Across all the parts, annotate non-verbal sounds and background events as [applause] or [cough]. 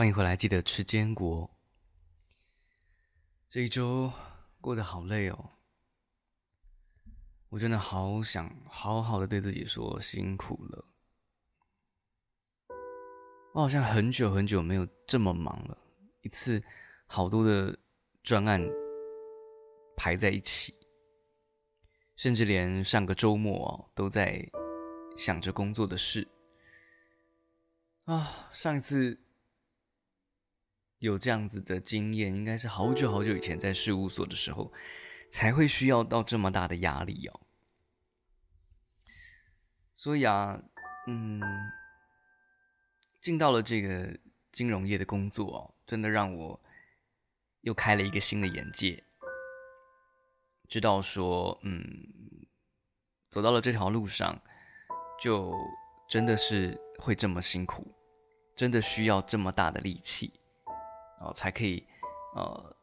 歡迎回來，記得吃堅果。這一周過得好累哦，我真的好想好好的對自己說辛苦了。我好像很久很久沒有這麼忙了，一次好多的專案排在一起，甚至連上個周末哦，都在想着工作的事。啊，上一次。有這樣子的經驗，應該是好久好久以前在事務所的時候才會需要到這麼大的壓力哦。所以啊，嗯，進到了這個金融業的工作哦，真的讓我又開了一個新的眼界，知道說，嗯，走到了這條路上，就真的是會這麼辛苦，真的需要這麼大的力氣。哦，才可以，呃，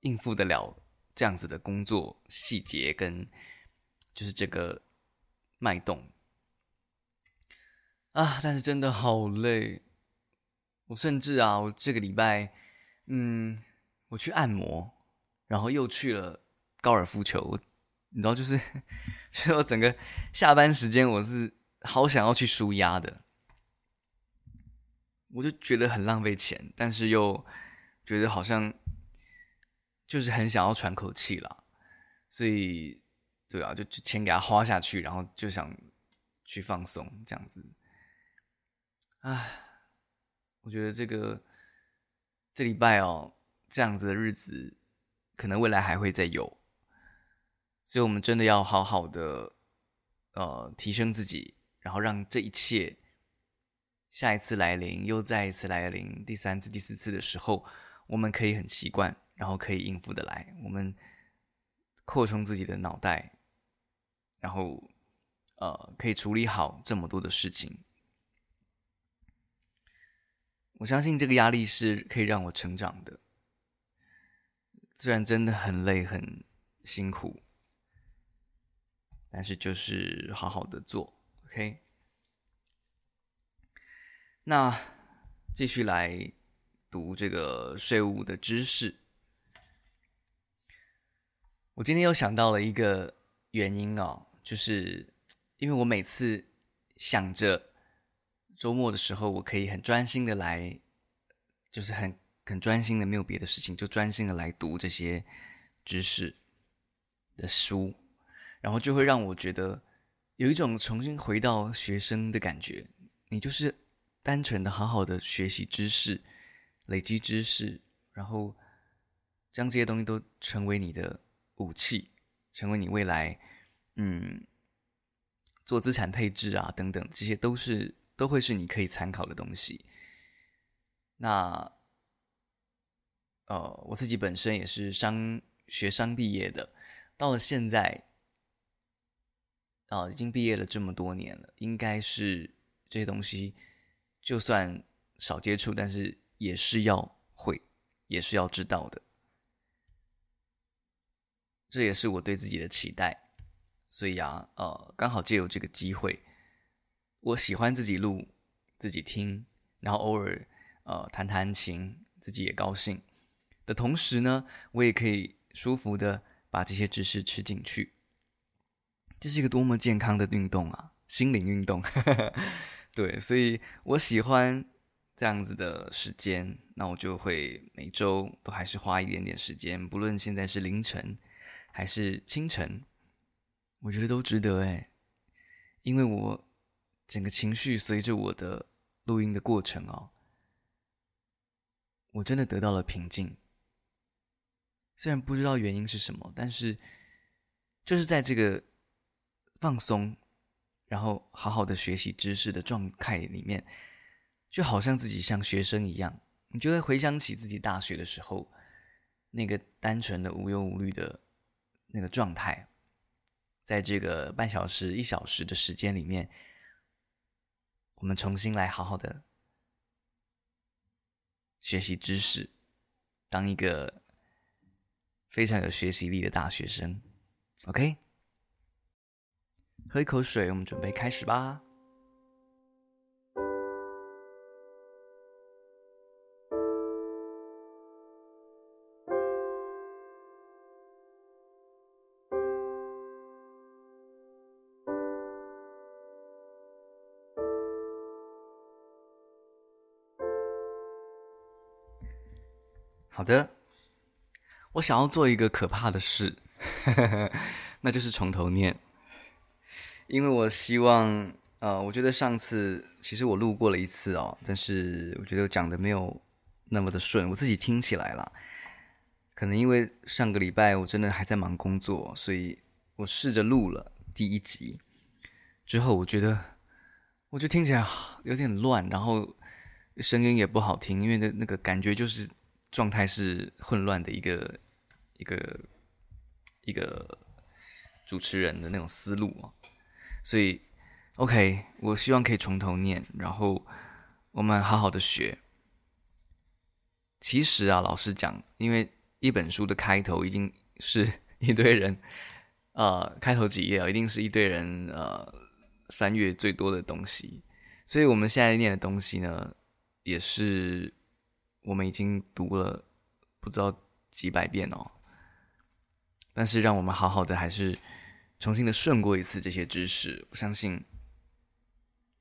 應付得了這樣子的工作細節跟就是這個脈動啊，但是真的好累。我甚至啊，我這個禮拜，嗯，我去按摩，然後又去了高爾夫球，你知道，就是，就是就是我整個下班時間，我是好想要去舒壓的。我就覺得很浪費錢，但是又覺得好像就是很想要喘口氣啦，所以對啊，就就錢給他花下去，然後就想去放鬆這樣子。啊，我覺得這個這禮拜哦，這樣子的日子可能未來還會再有，所以我們真的要好好的呃提升自己，然後讓這一切。下一次來臨，又再一次來臨，第三次、第四次的時候，我們可以很習慣，然後可以應付的來。我們擴充自己的腦袋，然後呃，可以處理好這麼多的事情。我相信這個壓力是可以讓我成長的。雖然真的很累很辛苦，但是就是好好的做，OK。那繼續來讀這個稅務的知識。我今天又想到了一個原因哦，就是因為我每次想着週末的時候，我可以很專心的來，就是很很專心的，沒有別的事情，就專心的來讀這些知識的書，然後就會讓我覺得有一種重新回到學生的感覺，你就是。單純的、好好的學習知識，累積知識，然後將這些東西都成為你的武器，成為你未來，嗯，做資產配置啊等等，這些都是都會是你可以參考的東西。那，呃，我自己本身也是商學商畢業的，到了現在，啊、呃，已經畢業了這麼多年了，應該是這些東西。就算少接觸，但是也是要會，也是要知道的。這也是我對自己的期待，所以啊，呃，剛好借由這個機會，我喜歡自己錄、自己聽，然後偶爾呃彈彈琴，自己也高興。的同時呢，我也可以舒服地把這些知識吃進去。這是一個多麼健康的運動啊，心靈運動。 [laughs] 對，所以我喜歡這樣子的時間，那我就會每周都還是花一點點時間，不論現在是凌晨還是清晨，我覺得都值得誒，因為我整個情緒隨着我的錄音的過程哦，我真的得到了平靜，雖然不知道原因是什麼，但是就是在這個放鬆。然後好好的學習知識的狀態裡面，就好像自己像學生一樣，你就會回想起自己大學的時候，那個單純的無憂無慮的那個狀態，在這個半小時一小時的時間裡面，我們重新來好好的學習知識，當一個非常有學習力的大學生，OK。喝一口水，我們準備開始吧。好的，我想要做一個可怕的事， [laughs] 那就是從頭念。因為我希望，呃，我覺得上次其實我錄過了一次哦，但是我覺得我講的沒有那麼的順，我自己聽起來了，可能因為上個禮拜我真的還在忙工作，所以我試着錄了第一集，之後我覺得，我就聽起來有點亂，然後聲音也不好聽，因為那那個感覺就是狀態是混亂的一個一個一個主持人的那種思路。所以，OK，我希望可以從頭念，然後我們好好的學。其實啊，老實講，因為一本書的開頭一定是一堆人，呃，開頭幾頁啊、哦，一定是一堆人，呃，翻閱最多的東西。所以我們現在念的東西呢，也是我們已經讀了不知道幾百遍哦。但是讓我們好好的還是。重新的順過一次這些知識，我相信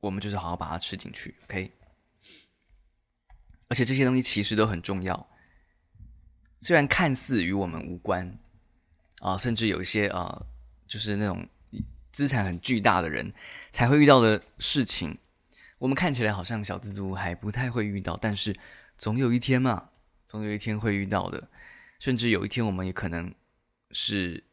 我們就是好好把它吃進去，OK。而且這些東西其實都很重要，雖然看似與我們無關啊，甚至有一些啊，就是那種資產很巨大的人才會遇到的事情，我們看起來好像小資族還不太會遇到，但是總有一天嘛，總有一天會遇到的，甚至有一天我們也可能是。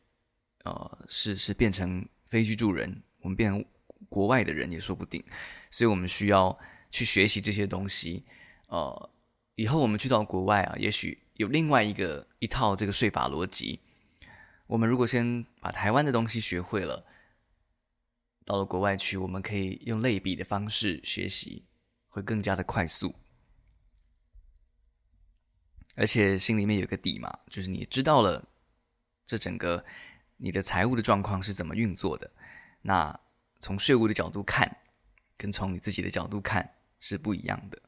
呃，是是變成非居住人，我們變成國外的人也說不定，所以我們需要去學習這些東西。呃，以後我們去到國外啊，也許有另外一個一套這個稅法邏輯。我們如果先把台灣的東西學會了，到了國外去，我們可以用類比的方式學習，會更加的快速，而且心裡面有個底嘛，就是你知道了這整個。你的財務的狀況是怎麼運作的？那從稅務的角度看，跟從你自己的角度看是不一樣的。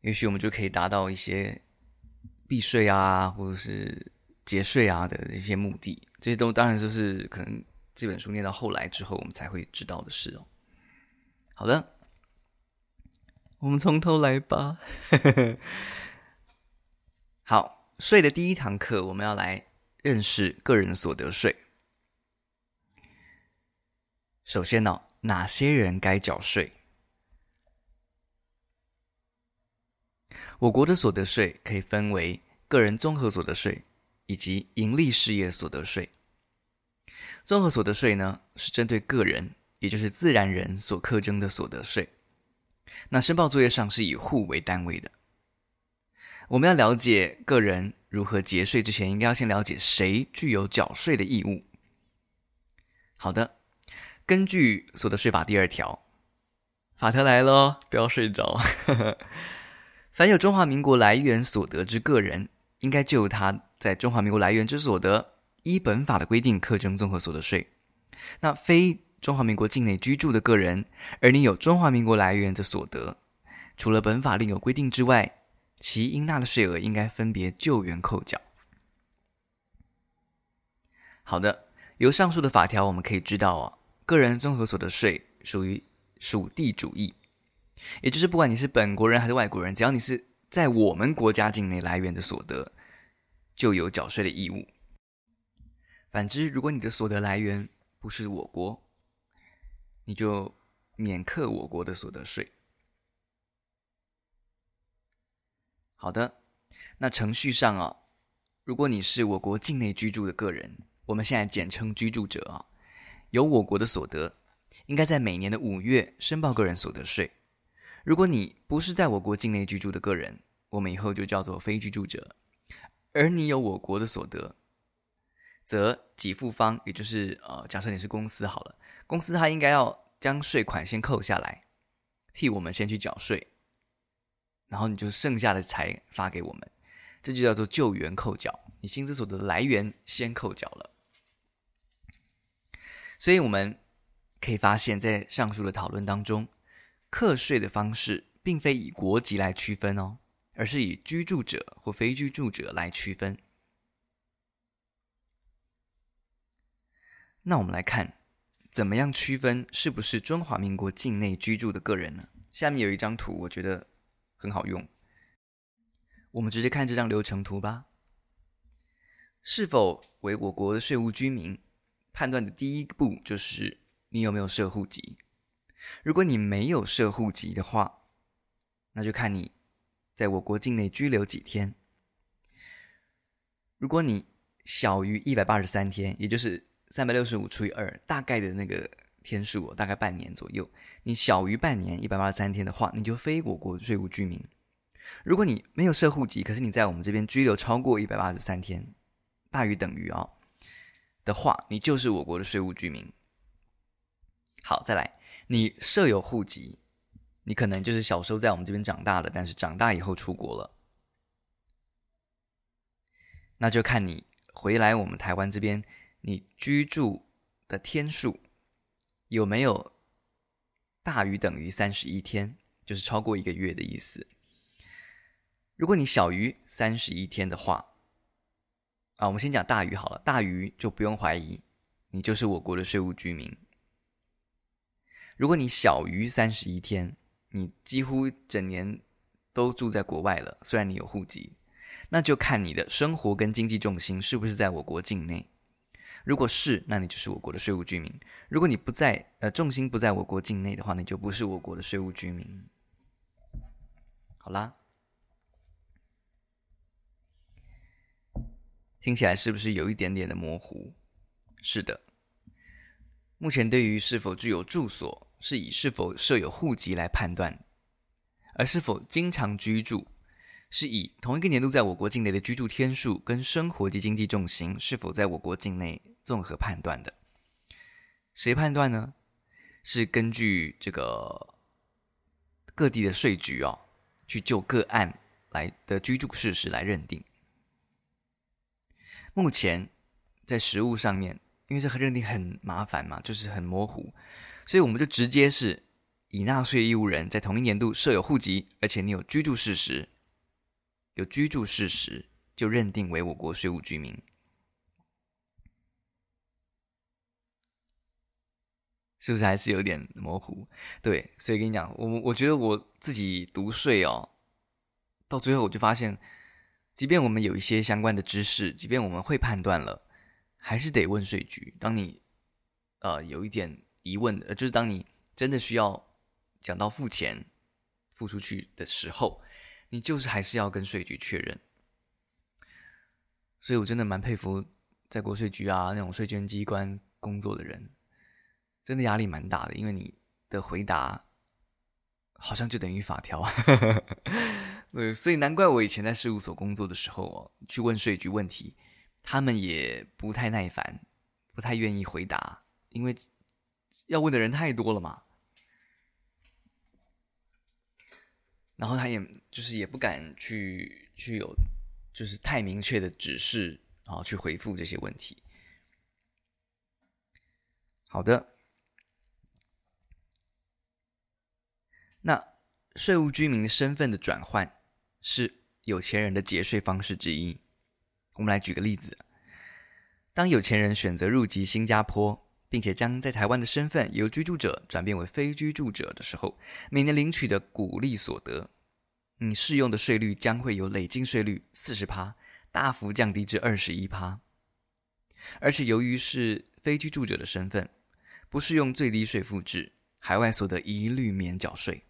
也許我們就可以達到一些避稅啊，或者是節稅啊的一些目的。這些都當然就是可能這本書念到後來之後，我們才會知道的事哦。好的，我們從頭來吧。 [laughs] 好，稅的第一堂課，我們要來認識個人所得稅。首先呢、哦，哪些人該繳稅？我國的所得稅可以分為個人綜合所得稅以及盈利事業所得稅。綜合所得稅呢，是針對個人，也就是自然人所課徵的所得稅。那申報作業上是以戶為單位的。我們要了解個人，如何節稅之前，應該要先了解誰具有繳稅的義務。好的，根據所得稅法第二條，法條來嘍，不要睡着。 [laughs] 凡有中華民國來源所得之個人，應該就他在中華民國來源之所得，依本法的規定課徵綜合所得稅。那非中華民國境內居住的個人，而你有中華民國來源的所得，除了本法另有規定之外。其應納的稅額應該分別就源扣繳。好的，由上述的法條我們可以知道，哦，個人綜合所得稅屬於屬地主義，也就是不管你是本國人還是外國人，只要你是在我們國家境內來源的所得，就有繳稅的義務。反之，如果你的所得來源不是我國，你就免課我國的所得稅。好的，那程序上啊，如果你是我國境內居住的個人，我們現在簡稱居住者啊，有我國的所得，應該在每年的五月申報個人所得稅。如果你不是在我國境內居住的個人，我們以後就叫做非居住者，而你有我國的所得，則給付方，也就是呃，假設你是公司好了，公司它應該要將稅款先扣下來，替我們先去繳稅。然後你就剩下的財發給我們，這就叫做就源扣繳。你薪資所得來源先扣繳了，所以我們可以發現，在上述的討論當中，課稅的方式並非以國籍來區分哦，而是以居住者或非居住者來區分。那我們來看，怎麼樣區分是不是中華民國境內居住的個人呢？下面有一張圖，我覺得。很好用，我們直接看這張流程圖吧。是否為我國的稅務居民，判斷的第一步就是你有沒有設戶籍。如果你沒有設戶籍的話，那就看你在我國境內居留幾天。如果你小於一百八十三天，也就是三百六十五除以二大概的那個。天數、哦、大概半年左右，你小於半年一百八十三天的話，你就非我國稅務居民。如果你沒有設戶籍，可是你在我們這邊居留超過一百八十三天，大於等於哦的話，你就是我國的稅務居民。好，再來，你設有戶籍，你可能就是小時候在我們這邊長大的，但是長大以後出國了，那就看你回來我們台灣這邊你居住的天數。有沒有大於等於三十一天，就是超過一個月的意思。如果你小於三十一天的話，啊，我們先講大於好了，大於就不用懷疑，你就是我國的稅務居民。如果你小於三十一天，你幾乎整年都住在國外了，雖然你有戶籍，那就看你的生活跟經濟重心是不是在我國境內。如果是，那你就是我國的稅務居民。如果你不在，呃，重心不在我國境內的話，你就不是我國的稅務居民。好啦，聽起來是不是有一點點的模糊？是的，目前對於是否具有住所，是以是否設有戶籍來判斷；而是否經常居住，是以同一個年度在我國境內的居住天數跟生活及經濟重心是否在我國境內。綜合判斷的，誰判斷呢？是根據這個各地的稅局哦，去就個案來的居住事實來認定。目前在實務上面，因為這認定很麻煩嘛，就是很模糊，所以我們就直接是以納稅義務人在同一年度設有戶籍，而且你有居住事實，有居住事實就認定為我國稅務居民。是、就、不是還是有點模糊？對，所以跟你講，我我覺得我自己讀稅哦，到最後我就發現，即便我們有一些相關的知識，即便我們會判斷了，還是得問稅局。當你呃有一點疑問的、呃，就是當你真的需要講到付錢、付出去的時候，你就是還是要跟稅局確認。所以我真的蠻佩服在國稅局啊那種稅捐機關工作的人。真的壓力蠻大的，因為你的回答好像就等於法條。 [laughs] 對，所以難怪我以前在事務所工作的時候，去問稅局問題，他們也不太耐煩，不太願意回答，因為要問的人太多了嘛。然後他也就是也不敢去去有，就是太明確的指示，然後去回復這些問題。好的。那稅務居民身份的轉換，是有錢人的節稅方式之一。我們來舉個例子：當有錢人選擇入籍新加坡，並且將在台灣的身份由居住者轉變為非居住者的時候，每年領取的股利所得，你適用的稅率將會由累進稅率四十趴，大幅降低至二十一趴。而且由於是非居住者的身份，不適用最低稅負制，海外所得一律免繳稅。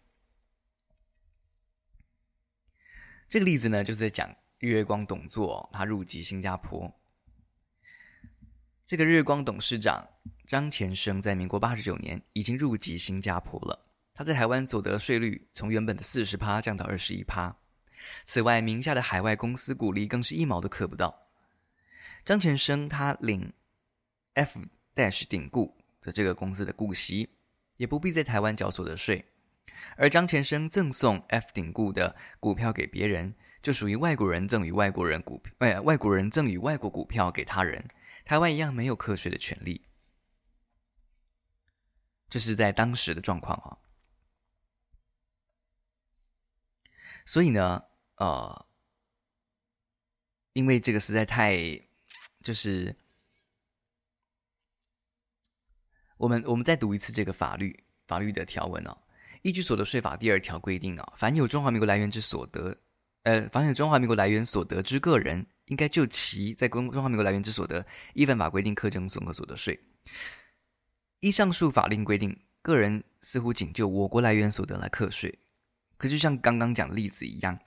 這個例子呢，就是在講日月光董座他入籍新加坡。這個日月光董事長張虔生在民國八十九年已經入籍新加坡了。他在台灣所得稅率從原本的四十趴降到二十一趴。此外，名下的海外公司股利更是一毛都課不到。張虔生他領 F dash 鼎固的這個公司的股息，也不必在台灣繳所得稅。而張虔生贈送 F 鼎固的股票給別人，就屬於外國人贈與外國人股票，外國人贈與外國股票給他人，台灣一樣沒有課稅的權利。這、就是在當時的狀況啊、哦。所以呢，呃，因為這個實在太，就是，我們我們再讀一次這個法律法律的條文哦。依據所得稅法第二條規定啊，凡有中華民國來源之所得，呃，凡有中華民國來源所得之個人，應該就其在中中華民國來源之所得，依本法規定課徵綜合所得稅。依上述法令規定，個人似乎僅就我國來源所得來課稅。可就像剛剛講的例子一樣，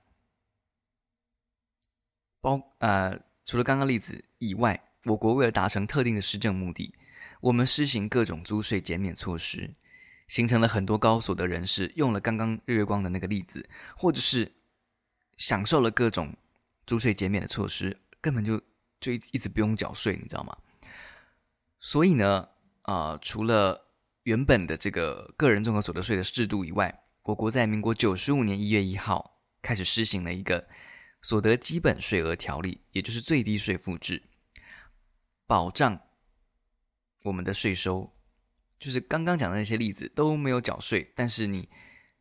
包呃，除了剛剛的例子以外，我國為了達成特定的施政目的，我們施行各種租稅減免措施。形成了很多高所得人士，用了剛剛日月光的那個例子，或者是享受了各種租稅減免的措施，根本就就一直不用繳稅，你知道嗎？所以呢，呃，除了原本的這個個人綜合所得稅的制度以外，我國在民國九十五年一月一號開始施行了一個所得基本稅額條例，也就是最低稅負制，保障我們的稅收。就是剛剛講的那些例子都沒有繳稅，但是你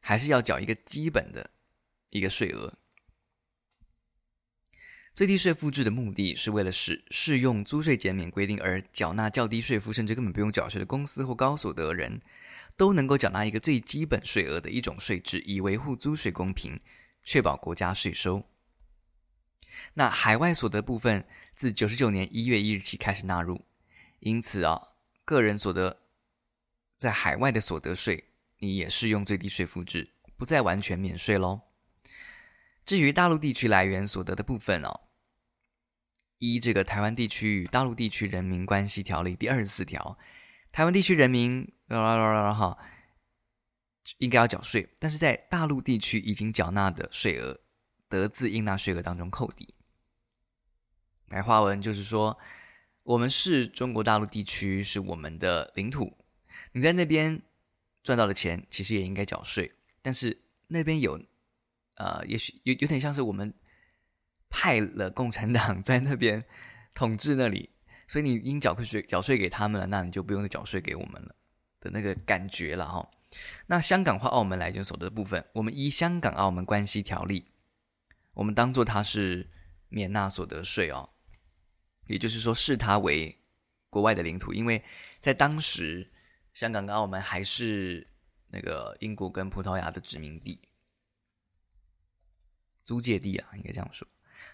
還是要繳一個基本的一個稅額。最低稅負制的目的是為了使適用租稅減免規定而繳納較低稅負，甚至根本不用繳稅的公司或高所得人都能夠繳納一個最基本稅額的一種稅制，以維護租稅公平，確保國家稅收。那海外所得部分自九十九年一月一日起開始納入，因此啊，個人所得。在海外的所得稅，你也適用最低稅負制，不再完全免稅嘍。至於大陸地區來源所得的部分哦，依這個《台灣地區與大陸地區人民關係條例》第二十四條，台灣地區人民、哦哦哦、應該要繳稅，但是在大陸地區已經繳納的稅額，得自應納稅額當中扣抵。白話文就是說，我們是中國大陸地區，是我們的領土。你在那邊賺到的錢，其實也應該繳稅，但是那邊有，呃，也許有有點像是我們派了共產黨在那邊統治那裡，所以你應繳稅繳稅給他們了，那你就不用繳稅給我們了的那個感覺了哈、哦。那香港或澳門來源所得部分，我們依香港澳門關係條例，我們當做它是免納所得稅哦，也就是說視它為國外的領土，因為在當時。香港跟澳門還是那個英國跟葡萄牙的殖民地、租借地啊，應該這樣說。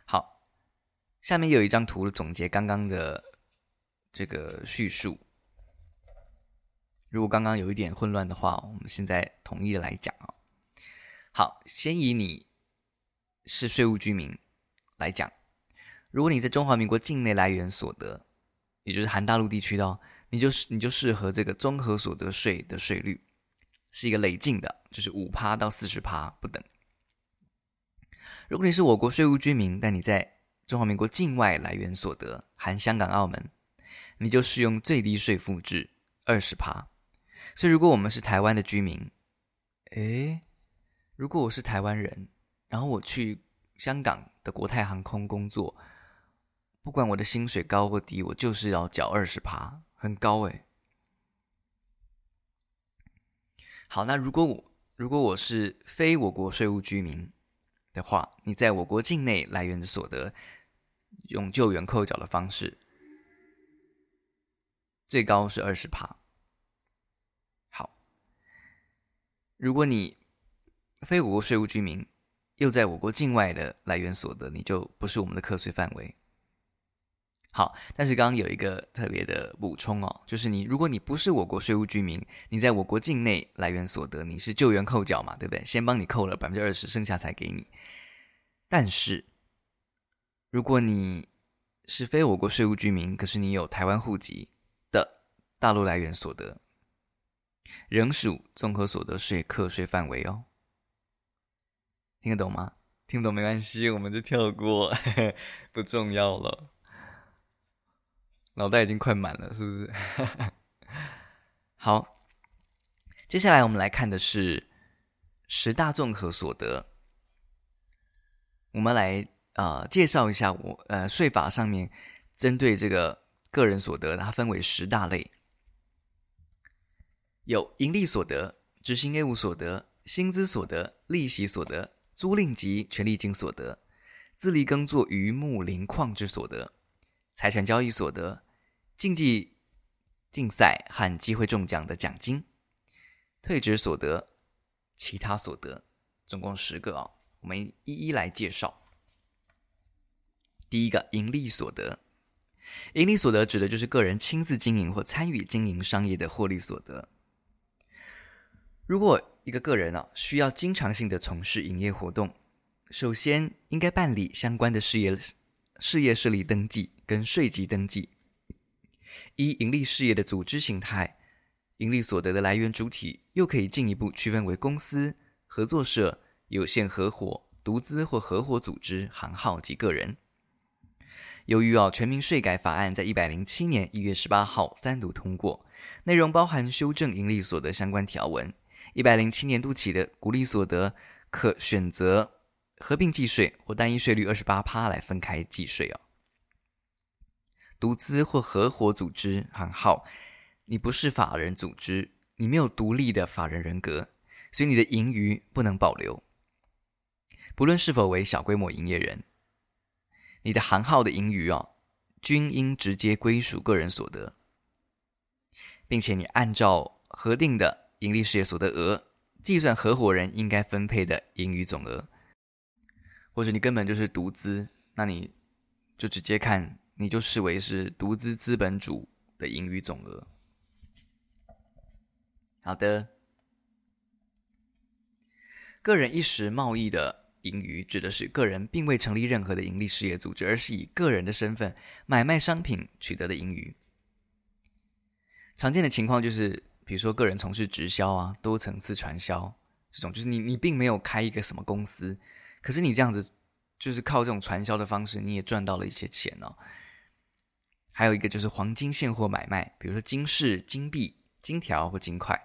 好，下面有一張圖總結剛剛的這個敘述。如果剛剛有一點混亂的話，我們現在統一的來講啊。好，先以你是稅務居民來講，如果你在中華民國境內來源所得，也就是含大陸地區的、哦。你就是，你就適合這個綜合所得稅的稅率，是一個累進的，就是五趴到四十趴不等。如果你是我國稅務居民，但你在中華民國境外來源所得（含香港、澳門），你就適用最低稅負制二十趴。所以，如果我們是台灣的居民，誒，如果我是台灣人，然後我去香港的國泰航空工作，不管我的薪水高或低，我就是要繳二十趴。很高哎，好，那如果我如果我是非我國稅務居民的話，你在我國境內來源的所得，用就源扣繳的方式，最高是二十趴。好，如果你非我國稅務居民，又在我國境外的來源所得，你就不是我們的課稅範圍。好，但是剛剛有一個特別的補充哦，就是你，如果你不是我國稅務居民，你在我國境內來源所得，你是就源扣繳嘛，對不對？先幫你扣了百分之二十，剩下才給你。但是，如果你是非我國稅務居民，可是你有台灣戶籍的大陸來源所得，仍屬綜合所得稅課稅範圍哦。聽得懂嗎？聽不懂沒關係，我們就跳過， [laughs] 不重要了。腦袋已經快滿了，是不是？ [laughs] 好，接下來我們來看的是十大綜合所得。我們來啊、呃、介紹一下我，我呃稅法上面針對這個個人所得，它分為十大類，有營利所得、執行業務所得、薪資所得、利息所得、租賃及權利金所得、自力耕作漁牧林礦之所得、財產交易所得。競技競賽和機會中獎的獎金、退職所得、其他所得，總共十個啊、哦，我們一一來介紹。第一個，營利所得，營利所得指的就是個人親自經營或參與經營商業的獲利所得。如果一個個人啊需要經常性的從事營業活動，首先應該辦理相關的事業事業設立登記跟稅籍登記。一盈利事業的組織形態，盈利所得的來源主體又可以進一步區分為公司、合作社、有限合夥、獨資或合夥組織、行號及個人。由於哦，全民稅改法案在一百零七年一月十八號三讀通過，內容包含修正盈利所得相關條文。一百零七年度起的股利所得可選擇合併計稅或單一稅率二十八趴來分開計稅哦。獨資或合夥組織行號，你不是法人組織，你沒有獨立的法人人格，所以你的盈餘不能保留。不論是否為小規模營業人，你的行號的盈餘哦，均應直接歸屬個人所得，並且你按照核定的盈利事業所得額計算合夥人應該分配的盈餘總額，或者你根本就是獨資，那你就直接看。你就視為是獨資資本主的盈餘總額。好的，個人一時貿易的盈餘指的是個人並未成立任何的盈利事業組織，而是以個人的身份買賣商品取得的盈餘。常見的情況就是，比如說個人從事直銷啊、多層次傳銷這種，就是你你並沒有開一個什麼公司，可是你這樣子就是靠這種傳銷的方式，你也賺到了一些錢哦、啊。還有一個就是黃金現貨買賣，比如說金飾、金幣、金條或金塊。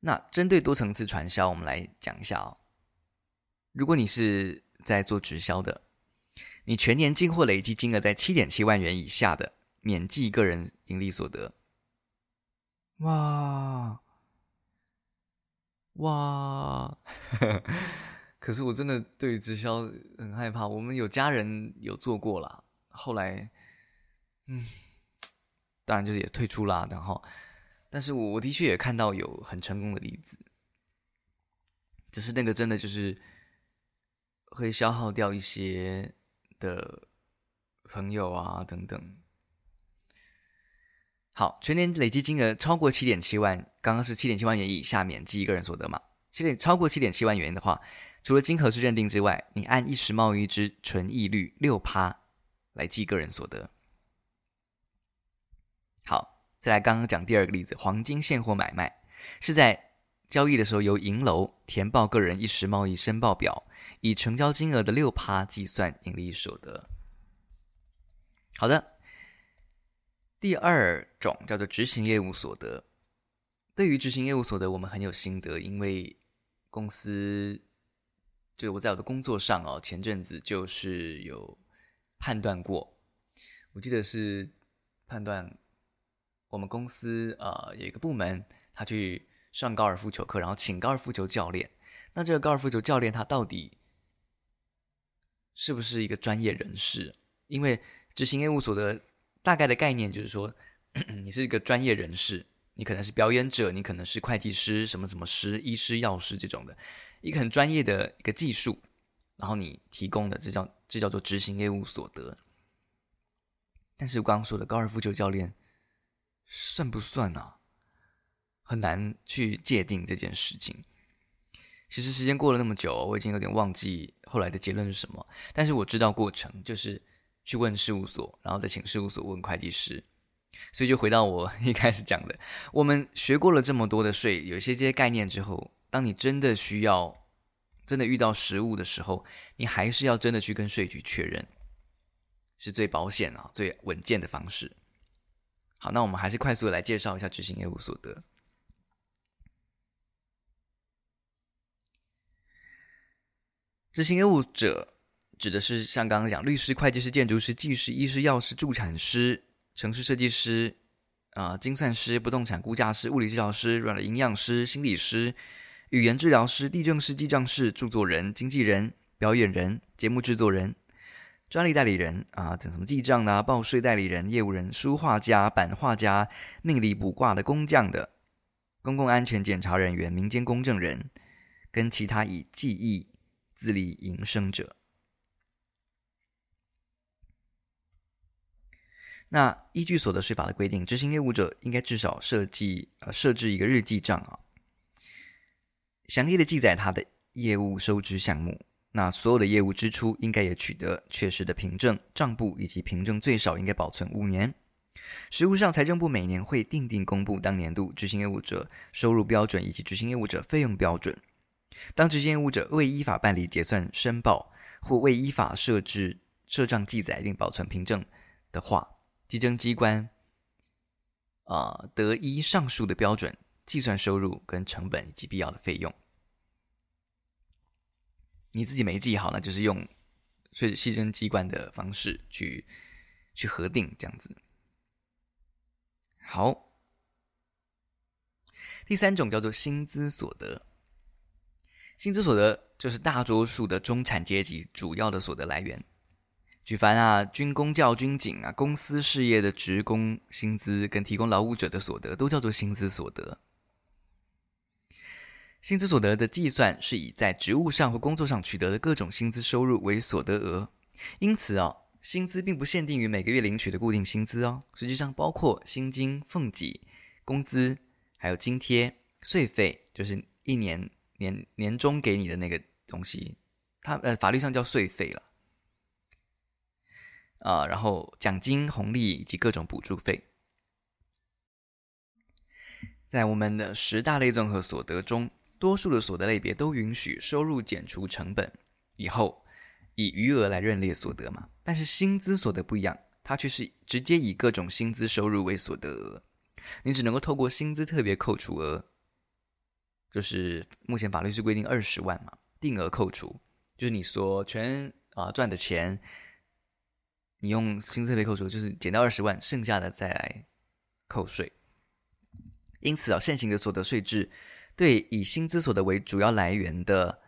那針對多層次傳銷，我們來講一下哦。如果你是在做直銷的，你全年進貨累計金額在七點七萬元以下的，免計個人盈利所得。哇哇呵呵！可是我真的對於直銷很害怕，我們有家人有做過啦。後來，嗯，當然就是也退出啦啊。然後，但是我我的確也看到有很成功的例子，只是那個真的就是會消耗掉一些的朋友啊等等。好，全年累計金額超過七點七萬，剛剛是七點七萬元以下免計一個人所得嘛？七點超過七點七萬元的話，除了金額是認定之外，你按一時貿易之純益率六趴，來記個人所得。好，再來剛剛講第二個例子，黃金現貨買賣是在交易的時候由銀樓填報個人一時貿易申報表，以成交金額的六趴計算盈利所得。好的，第二種叫做執行業務所得。對於執行業務所得，我們很有心得，因為公司就我在我的工作上哦，前陣子就是有。判斷過，我記得是判斷我們公司呃有一個部門，他去上高爾夫球課，然後請高爾夫球教練。那這個高爾夫球教練他到底是不是一個專業人士？因為執行業務所得大概的概念就是說呵呵，你是一個專業人士，你可能是表演者，你可能是會計師、什麼什麼師、醫師、藥師這種的，一個很專業的一個技術。然後你提供的這叫這叫做執行業務所得，但是我剛剛說的高爾夫球教練算不算啊？很難去界定這件事情。其實時間過了那麼久，我已經有點忘記後來的結論是什麼。但是我知道過程就是去問事務所，然後再請事務所問會計師。所以就回到我一開始講的，我們學過了這麼多的稅，有些這些概念之後，當你真的需要。真的遇到實務的時候，你還是要真的去跟稅局確認，是最保險啊、最穩健的方式。好，那我們還是快速來介紹一下執行業務所得。執行業務者指的是像剛剛講律師、會計師、建築師、技師、醫師、藥師、助產師、城市設計師、啊、呃，精算師、不動產估價師、物理治療師、軟的營養師、心理師。語言治療師、地政士、記賬師、著作人、經紀人、表演人、節目製作人、專利代理人啊，怎麼記賬呢、啊？報稅代理人、業務人、書畫家、版畫家、命理卜卦的工匠的、公共安全檢查人員、民間公證人，跟其他以技藝自力營生者。那依據所得稅法的規定，執行業務者應該至少設計呃設置一個日記賬啊。詳細的記載他的業務收支項目，那所有的業務支出應該也取得確實的憑證、賬簿，以及憑證最少應該保存五年。實務上，財政部每年會定定公布當年度執行業務者收入標準以及執行業務者費用標準。當執行業務者未依法辦理結算申報或未依法設置設帳記載並保存憑證的話，稽徵機關啊、呃、得依上述的標準。計算收入跟成本以及必要的費用，你自己沒記好，呢，就是用稅捐稽徵機關的方式去去核定這樣子。好，第三種叫做薪資所得，薪資所得就是大多數的中產階級主要的所得來源。舉凡啊，軍公教、軍警啊，公司事業的職工薪資跟提供勞務者的所得，都叫做薪資所得。薪資所得的計算是以在職務上或工作上取得的各種薪資收入為所得額，因此哦，薪資並不限定於每個月領取的固定薪資哦，實際上包括薪金、俸給、工資，還有津貼、歲費、歲費，就是一年年年終給你的那個東西，它呃法律上叫歲費了啊，呃，然後獎金、紅利以及各種補助費，在我們的十大類綜合所得中。多數的所得類別都允許收入減除成本以後，以餘額來認列所得嘛。但是薪資所得不一樣，它卻是直接以各種薪資收入為所得額。你只能夠透過薪資特別扣除額，就是目前法律是規定二十萬嘛，定額扣除，就是你說全啊賺的錢，你用薪資特別扣除，就是減到二十萬，剩下的再來扣稅。因此啊，現行的所得稅制。對以薪資所得為主要來源的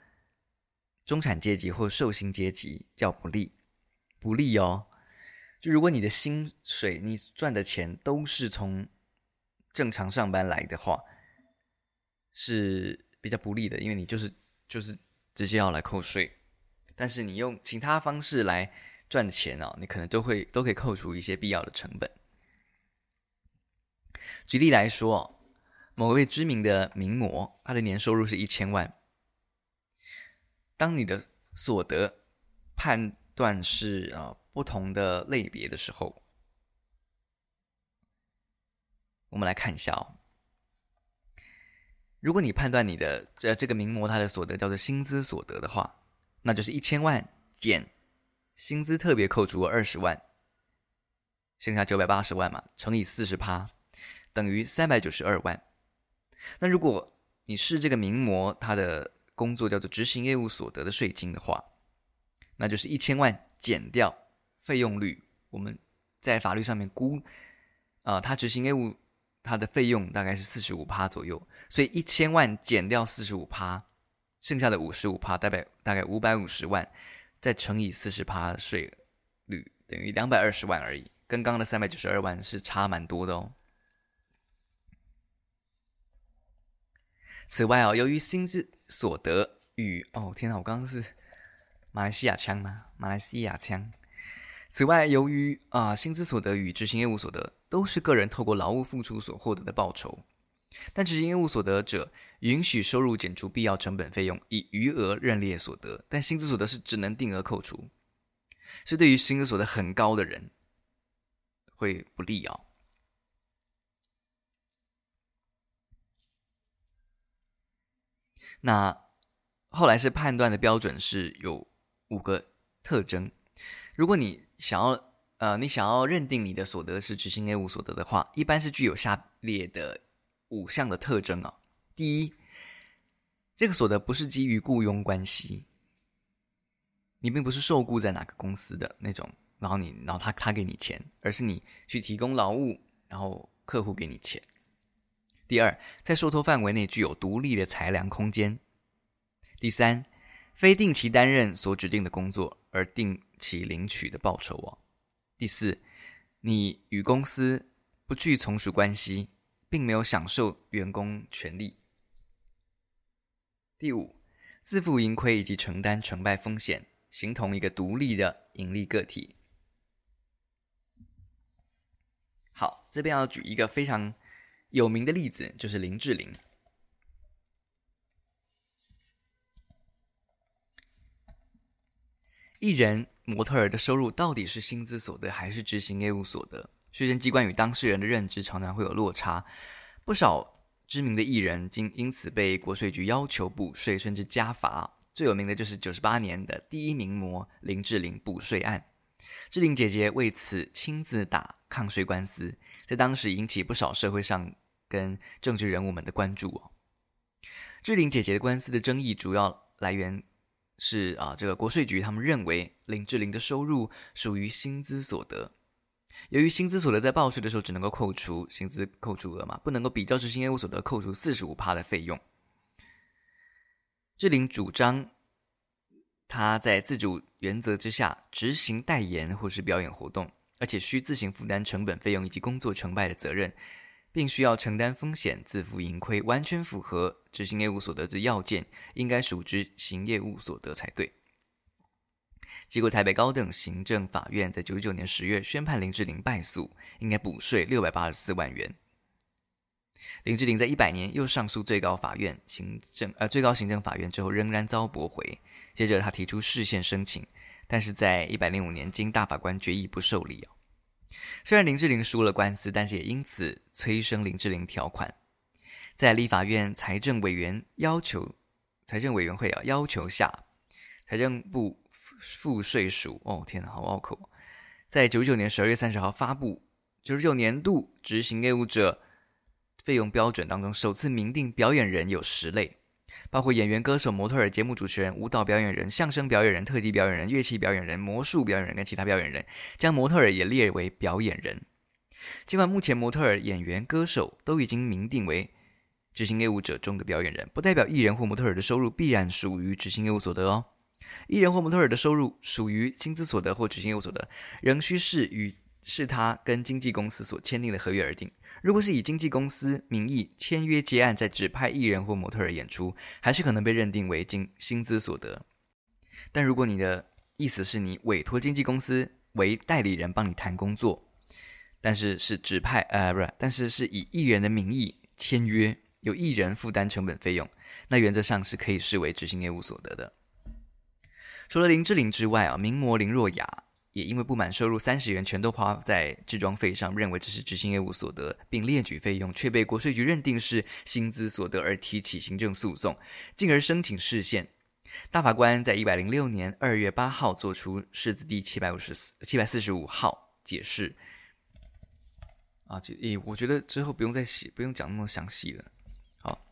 中產階級或受薪階級叫不利，不利哦。就如果你的薪水，你賺的錢都是從正常上班來的話，是比較不利的，因為你就是就是直接要來扣稅。但是你用其他方式來賺錢哦，你可能都會都可以扣除一些必要的成本。舉例來說。某位知名的名模，他的年收入是一千萬。當你的所得判斷是呃不同的類別的時候，我們來看一下哦。如果你判斷你的這、呃、這個名模他的所得叫做薪資所得的話，那就是一千萬減薪資特別扣除二十萬，剩下九百八十萬嘛，乘以四十趴，等於三百九十二萬。那如果你是這個名模，他的工作叫做執行業務所得的稅金的話，那就是一千萬減掉費用率。我們在法律上面估，啊、呃，他執行業務他的費用大概是四十五趴左右，所以一千萬減掉四十五趴，剩下的五十五趴大概大概五百五十萬，再乘以四十趴稅率，等於兩百二十萬而已，跟剛剛的三百九十二萬是差蠻多的哦。此外啊、哦，由於薪資所得與哦，天哪，我剛剛是馬來西亞腔嗎？馬來西亞腔。此外，由於啊、呃、薪資所得與執行業務所得都是個人透過勞務付出所獲得的報酬，但執行業務所得者允許收入減除必要成本費用，以餘額認列所得，但薪資所得是只能定額扣除，所以對於薪資所得很高的人會不利哦。那後來是判斷的標準是有五個特徵。如果你想要呃，你想要認定你的所得是執行業務所得的話，一般是具有下列的五項的特徵啊、哦。第一，這個所得不是基於雇傭關係，你並不是受雇在哪個公司的那種，然後你然後他他給你錢，而是你去提供勞務，然後客戶給你錢。第二，在受托範圍內具有獨立的裁量空間；第三，非定期擔任所指定的工作，而定期領取的報酬哦；第四，你與公司不具從屬關係，並沒有享受員工權利；第五，自負盈虧以及承擔成敗風險，形同一個獨立的盈利個體。好，這邊要舉一個非常有名的例子就是林志玲。藝人模特兒的收入到底是薪資所得還是執行業務所得？稅捐機關與當事人的認知常常會有落差，不少知名的藝人竟因此被國稅局要求補稅，甚至加罰。最有名的就是九十八年的第一名模林志玲補稅案，志玲姐姐為此親自打抗稅官司，在當時引起不少社會上。跟政治人物們的關注哦。志玲姐姐的官司的爭議主要來源是啊，這個國稅局他們認為林志玲的收入屬於薪資所得，由於薪資所得在報稅的時候只能夠扣除薪資扣除額嘛，不能夠比較執行業務所得扣除四十五趴的費用。志玲主張她在自主原則之下執行代言或是表演活動，而且需自行負擔成本費用以及工作成敗的責任。並需要承擔風險，自負盈虧，完全符合執行業務所得之要件，應該屬執行業務所得才對。結果，台北高等行政法院在九十九年十月宣判林志玲敗訴，應該補稅六百八十四萬元。林志玲在一百年又上訴最高法院行政，呃，最高行政法院之後，仍然遭駁回。接着，他提出釋憲申請，但是在一百零五年，經大法官決議不受理由雖然林志玲輸了官司，但是也因此催生“林志玲條款”。在立法院財政委員要求財政委員會啊要求下，財政部賦稅署，哦，天吶，好拗口，在九九年十二月三十號發布九十九年度執行業務者費用標準當中，首次明定表演人有十類。包括演員、歌手、模特兒、節目主持人、舞蹈表演人、相聲表演人、特技表演人、樂器表演人、魔術表演人跟其他表演人，將模特兒也列為表演人。儘管目前模特兒、演員、歌手都已經明定為執行業務者中的表演人，不代表藝人或模特兒的收入必然屬於執行業務所得哦。藝人或模特兒的收入屬於薪資所得或執行業務所得，仍需視與視他跟經紀公司所簽訂的合約而定。如果是以經紀公司名義簽約接案，再指派藝人或模特兒演出，還是可能被認定為薪薪資所得。但如果你的意思是你委託經紀公司為代理人幫你談工作，但是是指派呃不是，但是是以藝人的名義簽約，由藝人負擔成本費用，那原則上是可以視為執行業務所得的。除了林志玲之外啊，名模林若亞。也因為不滿收入三十元全都花在置裝費上，認為這是執行業務所得，並列舉費用，卻被國稅局認定是薪資所得而提起行政訴訟，進而申請釋憲。大法官在一百零六年二月八號做出釋字第七百五十四、七百四十五號解釋。啊，這誒，我覺得之後不用再寫，不用講那麼詳細了。好，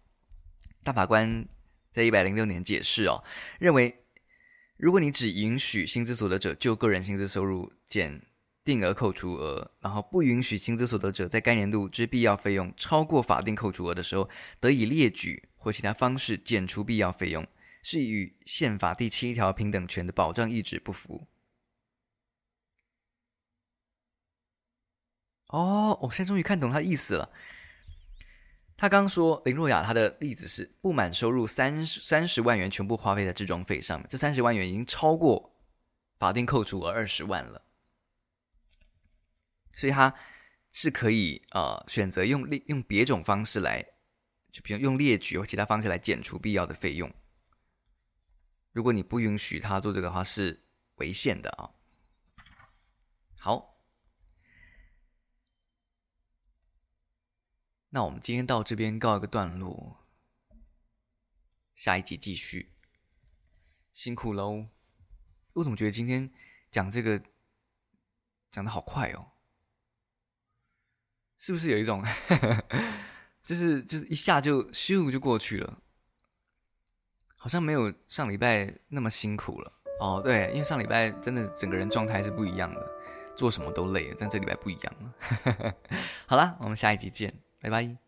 大法官在一百零六年解釋哦，認為。如果你只允許薪資所得者就個人薪資收入減定額扣除額，然後不允許薪資所得者在該年度之必要費用超過法定扣除額的時候得以列舉或其他方式減除必要費用，是與憲法第七條平等權的保障意志不符。哦，我現在終於看懂他意思了。他剛說林若亞他的例子是不滿收入三三十萬元，全部花費在置裝費上面。這三十萬元已經超過法定扣除額二十萬了，所以他是可以呃選擇用列用別種方式來，就比如用列舉或其他方式來減除必要的費用。如果你不允許他做這個的話，是違憲的啊、哦。好。那我們今天到這邊告一個段落，下一集繼續。辛苦嘍！我怎麼覺得今天講這個講的好快哦，是不是有一種 [laughs] 就是就是一下就咻就過去了，好像沒有上禮拜那麼辛苦了哦。對，因為上禮拜真的整個人狀態是不一樣的，做什麼都累了，但這禮拜不一樣了。 [laughs] 好啦，我們下一集見。拜拜。